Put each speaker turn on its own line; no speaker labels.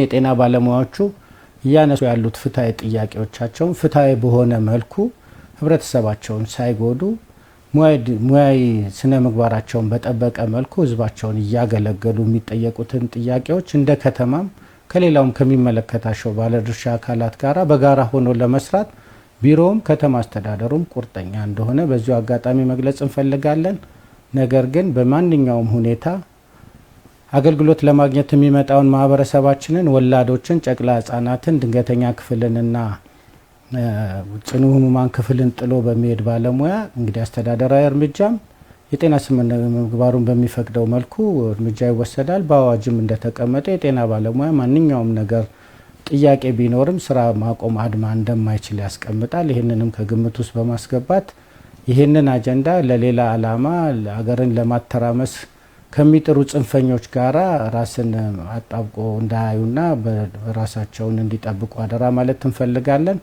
የጤና ባለሙያዎቹ እያነሱ ያሉት ፍትሐዊ ጥያቄዎቻቸውን ፍትሐዊ በሆነ መልኩ ህብረተሰባቸውን ሳይጎዱ ሙያዊ ስነ ምግባራቸውን በጠበቀ መልኩ ህዝባቸውን እያገለገሉ የሚጠየቁትን ጥያቄዎች እንደ ከተማም ከሌላውም ከሚመለከታቸው ባለድርሻ አካላት ጋራ በጋራ ሆኖ ለመስራት ቢሮውም ከተማ አስተዳደሩም ቁርጠኛ እንደሆነ በዚሁ አጋጣሚ መግለጽ እንፈልጋለን። ነገር ግን በማንኛውም ሁኔታ አገልግሎት ለማግኘት የሚመጣውን ማህበረሰባችንን፣ ወላዶችን፣ ጨቅላ ህጻናትን፣ ድንገተኛ ክፍልንና ጽኑ ህሙማን ክፍልን ጥሎ በሚሄድ ባለሙያ እንግዲህ አስተዳደራዊ እርምጃም የጤና ስምነ ምግባሩን በሚፈቅደው መልኩ እርምጃ ይወሰዳል። በአዋጅም እንደተቀመጠ የጤና ባለሙያ ማንኛውም ነገር ጥያቄ ቢኖርም ስራ ማቆም አድማ እንደማይችል ያስቀምጣል። ይህንንም ከግምት ውስጥ በማስገባት ይህንን አጀንዳ ለሌላ አላማ አገርን ለማተራመስ ከሚጥሩ ጽንፈኞች ጋራ ራስን አጣብቆ እንዳያዩና ራሳቸውን እንዲጠብቁ አደራ ማለት እንፈልጋለን።